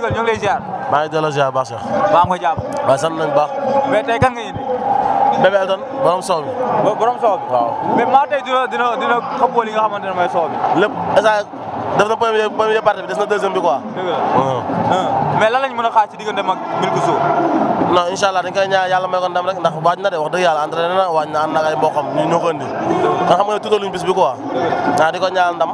ndigal ñu ngi lay ziar. maa ngi delloo ziar baax Cheikh. maa ngi koy jàpp. waaw sant nañu baax. mais tey kan nga indi. Bébé Elton borom soow bi. borom soow bi. waaw mais maa tey dina dina dina xëppoo li nga xamante ne mooy soow bi. lépp instant def na premier premier partie bi des na deuxième bi quoi. dëgg la mais lan lañ mën a xaar ci diggante mag Milka Sow. non incha allah dañ koy ñaan yàlla may ko ndam rek ndax waaj na de wax dëgg yàlla entraîné na waaj na ànd ak ay mboqam ñu ñoo ko indi. nga xam nga ne tuutaluñ bis bi quoi. waaw di ko ñaan ndam.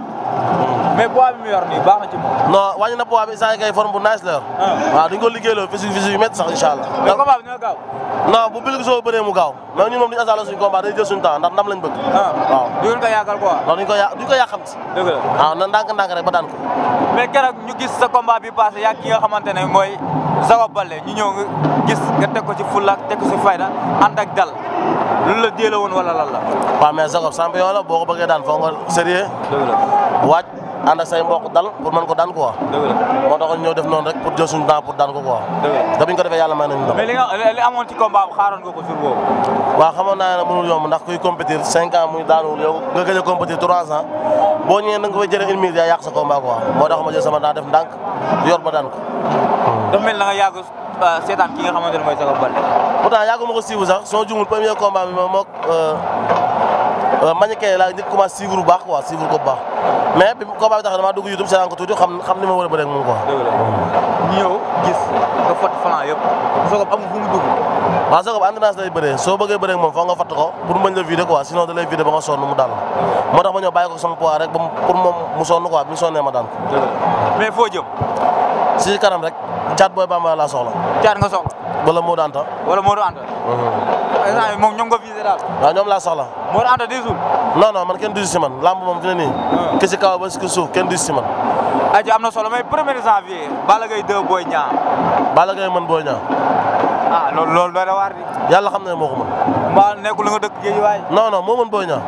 mais poids bi mu yor nii baax na ci moom. non wàññi na poids kay forme bu nice la yor. Ah. waaw duñ ko liggéeyaloo physique physique yu métti sax incha allah. mais combat bi dina gaaw. non bu bilig soo bëree mu gaaw mais ñun moom duñu asaale suñu combat day jël suñu temps ndax ndam lañ bëgg. Ah. waaw ko yàqal quoi. non duñ ko yà ko yàqamti. dëgg la waaw na ndànk-ndànk rek ba daan ko. mais keroog ñu gis sa combat bi passé yaa ki nga xamante ne mooy Zawa Bale ñu ñëw nga gis nga teg ko ci fulla teg ko ci fayda ànd ak la déela woon wala lan la. waaw mais Zagob samp yoo boo ko bëggee daan foo nga ànd ak say mbokk dal pour mën ko daan quoi. moo taxoon ñëw def noonu rek pour jël suñu temps pour daan ko quoi. dëgg la buñ ko defee yàlla may nañu ndam. mais li nga ndax kuy compétir cinq ans muy daanul yow nga gëj a compétir trois ans boo ñëwee da nga koy jëlee une minute yaa yàq sa moo tax ma jël sama temps def ndànk yor ba daan ko. dafa mel nga yàgg euh, seetaan ki nga xamante ne mooy Jacob Baldé. pourtant yàggu ko siiw sax soo jumul premier combat bi moom moog euh, Mbagnick Kaye laa njëkk commencé suivre bu baax quoi suivre ko bu baax bi combat bi tax damaa dugg YouTube seetaan ko tuuti xam xam ni ma war a bëree ak moom quoi. ñëw gis nga fat Franc yëpp Sokab amul fu mu dugg. waaw Sokab endurance lay bëree soo bëggee bëree ak moom foog nga fatt ko pour mu bañ la vidé quoi sinon da lay vidé ba nga sonn mu daan moo tax ma ñëw bàyyi ko sama poids rek ba pour moom mu sonn quoi bi mu sonnee ma daan ko. mais foo jëm. si kanam rek caat booy bambara laa soxla. wala Modou Anta. wala Modou Anta. Mhm. instant yii moom ñoom nga visé daal. waaw ñoom laa soxla. Modou Anta diisul. non non man kenn diisu si man lamb moom fi nii. Hmm. ki si kaw ba si suuf kenn si man. aji am na solo mais premier janvier. Balla Gaye 2 Boy Niang. Balla Gaye mën Boy Niang. ah loolu loolu moo ko mën. mbaa nekkul lu nga dëkk géej waay. non non moo mën Boy Niang.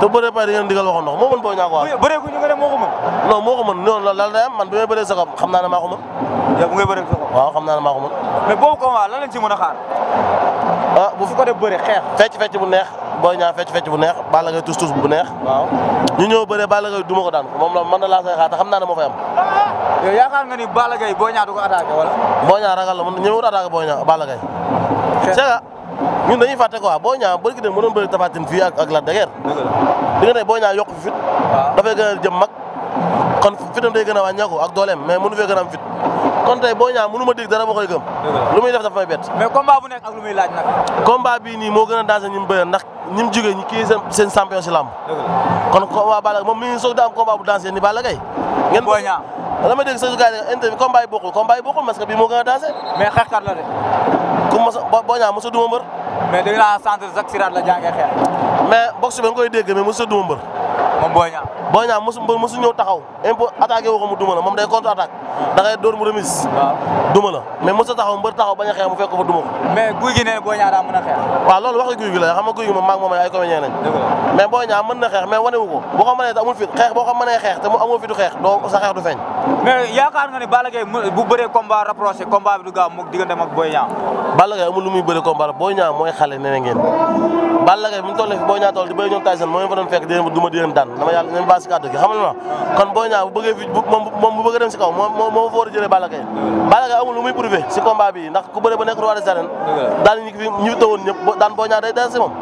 te bu ku ñu nga moo ko mën. non moo ko mën noonu la lan man bi may bëree sa xam naa ne maa ko yow bu ngay bëri sa bopp. waaw xam naa ne maa ko mën. mais boobu combat lan a xaar. ah bu su ko def bëri xeex. fecc fecc bu neex booy ñaar fecc fecc bu neex Balla Gaye tus tus bu neex. ñu ñëw bëree Balla Gaye ma ko daan moom man na laa say xaar te xam naa ne moo fay am. yow yaakaar nga ni Balla Gaye booy ñaar du ko attaqué wala. booy ñaar ragal la man ñëwul attaqué booy ñaar Balla Gaye. ñun dañuy fàtte quoi boo ñaa bëri ki ne mënoon bëri tafatin fii ak la deger. dëgg ne boo ñaa yokk fit. dafay gën a jëm mag. kon fitam day gën a wàññeeku ak dooleem mais mënu fee gën a am fit kon tey boo ñaa mënu ma dégg dara ma koy gëm lu muy def dafa may lu muy laaj nag combat a danger ñi mu bëyoon ñi mu jógee ñi kii seen seen champion si làmb kon combat Balla moom mi ngi soog di am combat bu danger ni Balla Gaye ngeen boo ñaa la ma dégg sa gars yi interview combat yi bokkul combat yi bokkul parce que bii moo gën a danger mais xeexkat la de ku mos boo duma mbër mais dañ laa centre Jacques Sirat la jàngee xeex Boy musu mosu mbër mosu taxaw impo attaqué wu mu duma la mom day contre attaque da ngay door mu remise. duma la mais musu taxaw mbeur taxaw baña xex mu fekk fa duma ko. mais guuy gi ne Boy da mëna xex wa lool wax guuy gi la xam nga guy gi mom mag moom ay comédien lañ. mais Boy mëna xex mais wané wuko bu ko mëne te amul fi xex bo ko mëne xex te mu amo fi du xex do sa xex du feñ mais yaakaar nga ni balagay bu bëree combat rapproché combat bi du gaaw mu digënde mak Boy balagay amul lu muy bëri combat Boy moy xalé neene ngeen balagay mu tollé fi Boy Niang toll di bëri ñom Tyson moy leen fa doon fekk di leen duma di leen daan dama yalla yàlla si kaddu gi xam ma kon Boy Niang bu bëggee fi moom bu bëgg dem ci kaw mo mo fa war a jëlee Balla Gaye amul lu muy prouvé ci combat bi ndax ku bëre ba nek roi de arènes dal ñi fi ñi tawoon ñëpp daan Boy day des si moom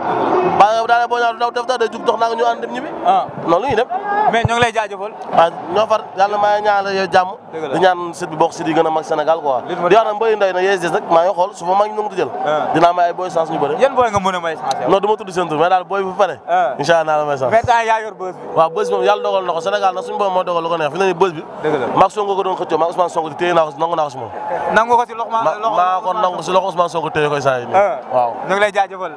Balla Gaye daanee Boy Niang daw def tax day jug dox naa nga ñu and dem ñibbi ah. noonu lu ñuy def mais ñong lay jaajëfal waaw ah, ñoo far yalla ma ngi ñaan la yow jàmm di ñaan sët bi bokk si di gëna mag senegal quoi di wax na mbëri ndey na yees des nak ma ngi xol su fa mag nangu jël dina may ay boy sans ñu bëre yeen boy nga mëna may sans non duma tuddu tudd mais dal boy bu pare incha allah la may sans mais yaa yor bës bi waaw bës moom yàlla dogal na ko Sénégal nag suñu borom moo dogal lu ko neex fi mu ne nii bës bi. dëgg la maag Sonko ko doon xëccoo maag Ousmane Sonko di téye naa ko nangu naa ko si moom. nangu ko si loxo ma loxo maa ko nangu si loxo Ousmane Sonko téye koy saa yi nii. Ah. waaw ñu ngi lay jaajëfal.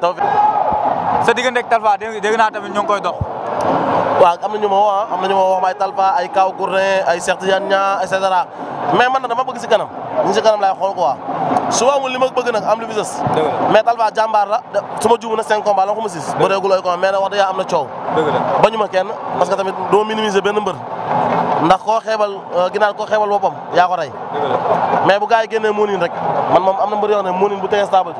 sa diggante ak Talfa dégg naa tamit ñu ngi koy dox. waaw am na ñu ma woo am na ñu ma woo ay Talfa ay Kaw Gourdin ay Cheikh Tidiane Niang et cetera mais man nag dama bëgg si kanam ñu ngi si kanam laay xool quoi souvent mu li ma bëgg nag am lu fi des mais Talfa jàmbaar la su ma juum na cinq combats la ko ma six bëreegulooy ko mais nag wax dëgg yàlla am na coow bañu ma kenn tamit doo minimiser benn mbër ndax koo xeebal euh, ginaar koo xeebal boppam yaa ko rey mais bu gars yi génnee moonin rek man moom am na mbër yoo xam ne moonin bu tegee stable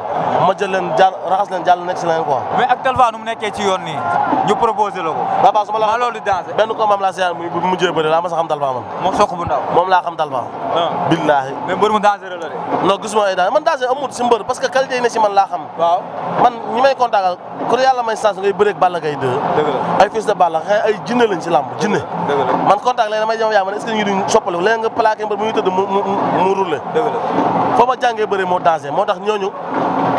ma jël leen jaar raxas leen jàll nekk si leneen ak Talfa nu nekkee ci yoon nii ñu proposé la ko ba baax la loolu danger benn ko maam laa siyaar mu mujjee bëri laa ma sa xam Talfa man moom soq bu ndaw moom no gisuma ay daan man danger amul ci mbeur parce que qualité ne ci man la xam. waaw man ñi may contactal ku yalla may sans ngay beurek Balla ngay 2. dëgg la ay fils de Balla xëy ay jinné lañ ci lamb jinné dëgg la man contact lay damay jom yaa man est ce que ñu duñ soppal léegi nga plaqué mbeur bu ñu tëdd mu mu mu roulé. dëgg la foo ma jangé beuré mo danger motax ñoñu ñooñu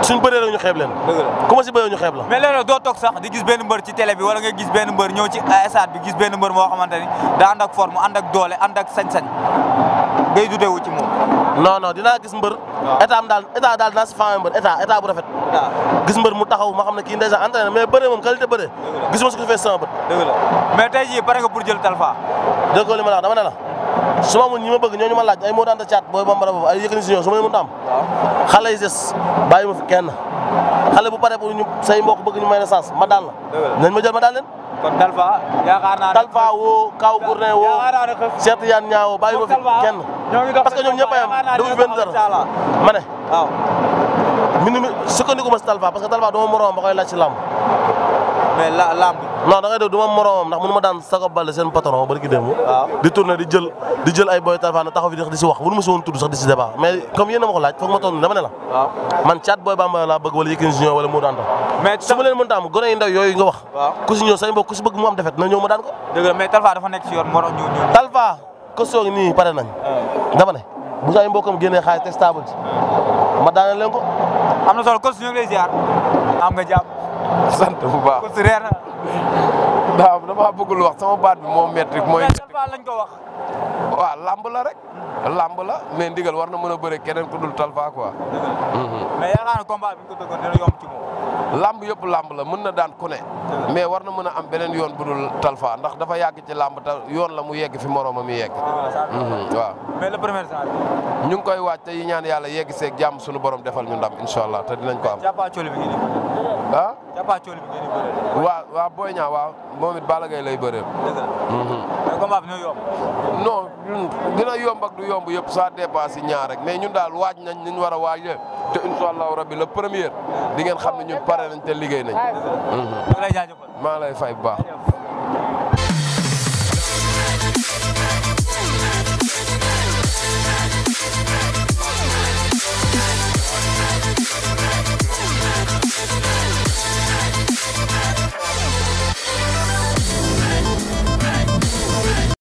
suñ bëree rek ñu xeeb leen. dëgg la ku ma si bëree ñu xéb la. mais léeg do tok sax di gis benn mbeur ci télé bi wala nga gis benn mbeur ñëw ci stade bi gis benn mbeur mo xamanteni da and ak forme and ak doolé and ak sañ-sañ ngay wu ci moom non non dina gis mbër état daal état daal dinaa si faa mbër bu rafet gis mbër mu taxaw ma xam ne kii déjà entraîné mais bëre moom qualité bëre gisuma si ko fee sama bët dëgg la mais tey jii pare nga pour jël Talfa déggoo li ma la dama ne la su ma bëgg ñoo ma laaj ay moo daanta caat booy bambara boobu ay yëkkani si ñoo su ma leen mën a yi des bàyyi ma fi kenn xale bu pare pour ñu say bëgg ñu may na ma daal la nañ ma jël ma daal leen kon Talfa yaakaar naa ne Talfa woo Kaaw Gourné woo Cheikh Tidiane Niang bàyyi ma fi kenn parce que ñoom ñëpp a yem dugub benn dara minu mi sukkandiku ma si Talfa parce que Talfa dama ba koy laaj si làmb. mais la lamb. non da ngay dégg du ma moromam ndax mënu ma daan sago balle seen patron bari ki di tourné di jël ay boy Tapha Tine taxaw fi di si wax mënu ma si woon tudd sax di si débat mais comme yéen a ma laaj foog ma toll dama ne la. man caat booy Bambara laa bëgg wala Yékini Junior wala Modou Anta. mais su ma leen mënta am gone yi ndaw yooyu wax. waaw ku si ñëw say bëgg mu am defet na ñëw ma daan ko. sant bu baax ko si bëggul wax sama baat bi moo métti mooy. lañ ko wax. waaw lamb la rek. la mais ndigal war na mën a bëre keneen ku dul talfa quoi. ko dëggoon lamb yëpp lamb la mën na daan ku ne. mais war na mën a am beneen yoon bu dul talfa ndax dafa yàgg ci làmb te yoon la mu yegg fi moroomam yi yegg. Mhm, waaw ñu ngi koy waaj te yi ñaan yàlla yegg seeg jàmm suñu borom defal ñu ndam incha allah te dinañ ko am. cappaancool waa ngeen di bëree. waaw waaw Boy Niang moom it Balla lay bëree. dëgg la. Mhm. mais combat bi dina ak du yomb yëpp ça dépasse ñaar rek mais ñun daal waaj nañ ni ñu war a waajee te incha allahu rabbi le premier di ngeen xam ne ñun pare nañ te liggéey nañ. dëgg la mhm. maa lay fay bu baax.